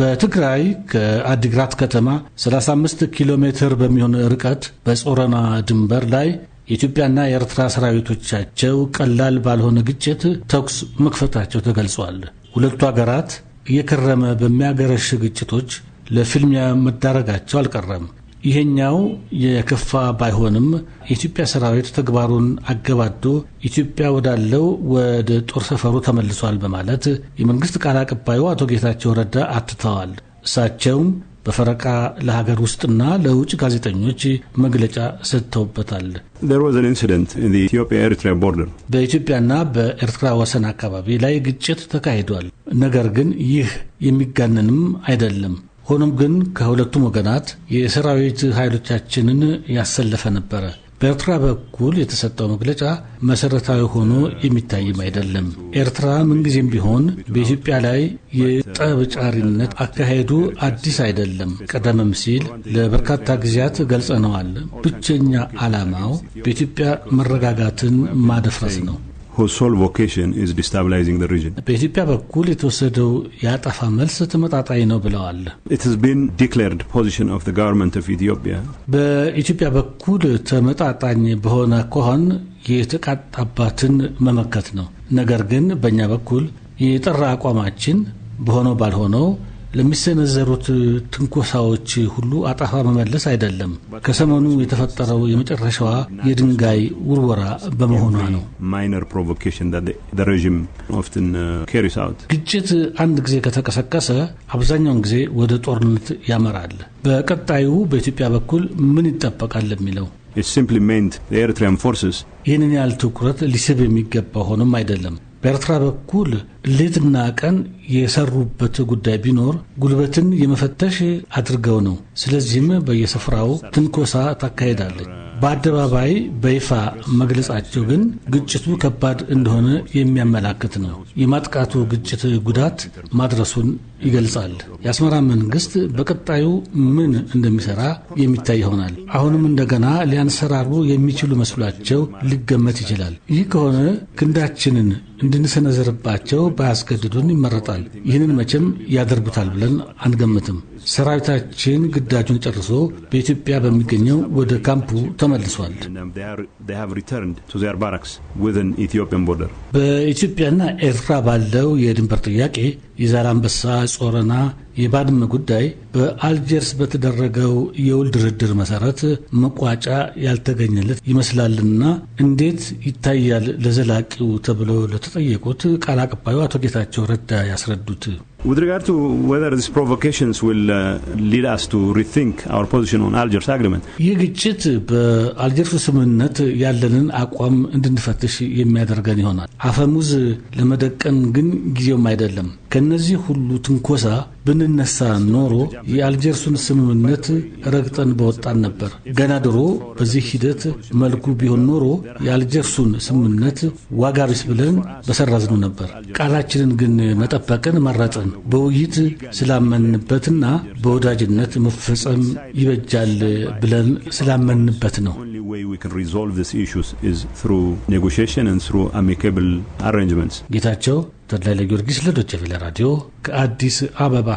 በትግራይ ከአዲግራት ከተማ 35 ኪሎ ሜትር በሚሆን ርቀት በጾረና ድንበር ላይ የኢትዮጵያና የኤርትራ ሰራዊቶቻቸው ቀላል ባልሆነ ግጭት ተኩስ መክፈታቸው ተገልጿል። ሁለቱ አገራት እየከረመ በሚያገረሽ ግጭቶች ለፊልሚያ መዳረጋቸው አልቀረም። ይሄኛው የከፋ ባይሆንም የኢትዮጵያ ሰራዊት ተግባሩን አገባዶ ኢትዮጵያ ወዳለው ወደ ጦር ሰፈሩ ተመልሷል በማለት የመንግስት ቃል አቀባዩ አቶ ጌታቸው ረዳ አትተዋል። እሳቸውም በፈረቃ ለሀገር ውስጥና ለውጭ ጋዜጠኞች መግለጫ ሰጥተውበታል። በኢትዮጵያና በኤርትራ ወሰን አካባቢ ላይ ግጭት ተካሂዷል። ነገር ግን ይህ የሚጋነንም አይደለም። ሆኖም ግን ከሁለቱም ወገናት የሰራዊት ኃይሎቻችንን ያሰለፈ ነበረ። በኤርትራ በኩል የተሰጠው መግለጫ መሰረታዊ ሆኖ የሚታይም አይደለም። ኤርትራ ምንጊዜም ቢሆን በኢትዮጵያ ላይ የጠብጫሪነት አካሄዱ አዲስ አይደለም። ቀደምም ሲል ለበርካታ ጊዜያት ገልጸነዋል። ብቸኛ ዓላማው በኢትዮጵያ መረጋጋትን ማደፍረስ ነው። ሶል ቮኬሽን ኢዝ ዲስታብላይዚንግ ዘ በኢትዮጵያ በኩል የተወሰደው የአጠፋ መልስ ተመጣጣኝ ነው ብለዋል። ኢት ሃዝ ቢን ዲክሌርድ ፖዚሽን በኢትዮጵያ በኩል ተመጣጣኝ በሆነ ከሆን የተቃጣባትን መመከት ነው። ነገር ግን በእኛ በኩል የጠራ አቋማችን በሆነው ባልሆነው ለሚሰነዘሩት ትንኮሳዎች ሁሉ አጣፋ መመለስ አይደለም፣ ከሰሞኑ የተፈጠረው የመጨረሻዋ የድንጋይ ውርወራ በመሆኗ ነው። uh, ግጭት አንድ ጊዜ ከተቀሰቀሰ አብዛኛውን ጊዜ ወደ ጦርነት ያመራል። በቀጣዩ በኢትዮጵያ በኩል ምን ይጠበቃል የሚለው ይህንን ያህል ትኩረት ሊስብ የሚገባ ሆኖም አይደለም። በኤርትራ በኩል ሌትና ቀን የሰሩበት ጉዳይ ቢኖር ጉልበትን የመፈተሽ አድርገው ነው። ስለዚህም በየስፍራው ትንኮሳ ታካሄዳለች። በአደባባይ በይፋ መግለጻቸው ግን ግጭቱ ከባድ እንደሆነ የሚያመላክት ነው። የማጥቃቱ ግጭት ጉዳት ማድረሱን ይገልጻል። የአስመራ መንግስት በቀጣዩ ምን እንደሚሰራ የሚታይ ይሆናል። አሁንም እንደገና ሊያንሰራሩ የሚችሉ መስሏቸው ሊገመት ይችላል። ይህ ከሆነ ክንዳችንን እንድንሰነዘርባቸው ባያስገድዱን ይመረጣል። ይህንን መቼም ያደርጉታል ብለን አንገምትም። ሰራዊታችን ግዳጁን ጨርሶ በኢትዮጵያ በሚገኘው ወደ ካምፑ ተመልሷል። በኢትዮጵያና ኤርትራ ባለው የድንበር ጥያቄ የዛላምበሳ ጾረና የባድመ ጉዳይ በአልጀርስ በተደረገው የውል ድርድር መሰረት መቋጫ ያልተገኘለት ይመስላልና እንዴት ይታያል ለዘላቂው ተብሎ ለተጠየቁት ቃል አቀባዩ አቶ ጌታቸው ረዳ ያስረዱት With regard to whether these provocations will uh, lead us to rethink our position on Algiers agreement. ይህ ግጭት በአልጀርስ ስምምነት ያለንን አቋም እንድንፈትሽ የሚያደርገን ይሆናል። አፈሙዝ ለመደቀን ግን ጊዜውም አይደለም። ከነዚህ ሁሉ ትንኮሳ ብንነሳ ኖሮ የአልጀርሱን ስምምነት ረግጠን በወጣን ነበር። ገና ድሮ በዚህ ሂደት መልኩ ቢሆን ኖሮ የአልጀርሱን ስምምነት ዋጋ ቢስ ብለን በሰረዝኑ ነበር። ቃላችንን ግን መጠበቅን መረጥን። በውይይት ስላመንበትና በወዳጅነት መፈጸም ይበጃል ብለን ስላመንበት ነው። ጌታቸው ተድላይ ለጊዮርጊስ ለዶቸቬለ ራዲዮ ከአዲስ አበባ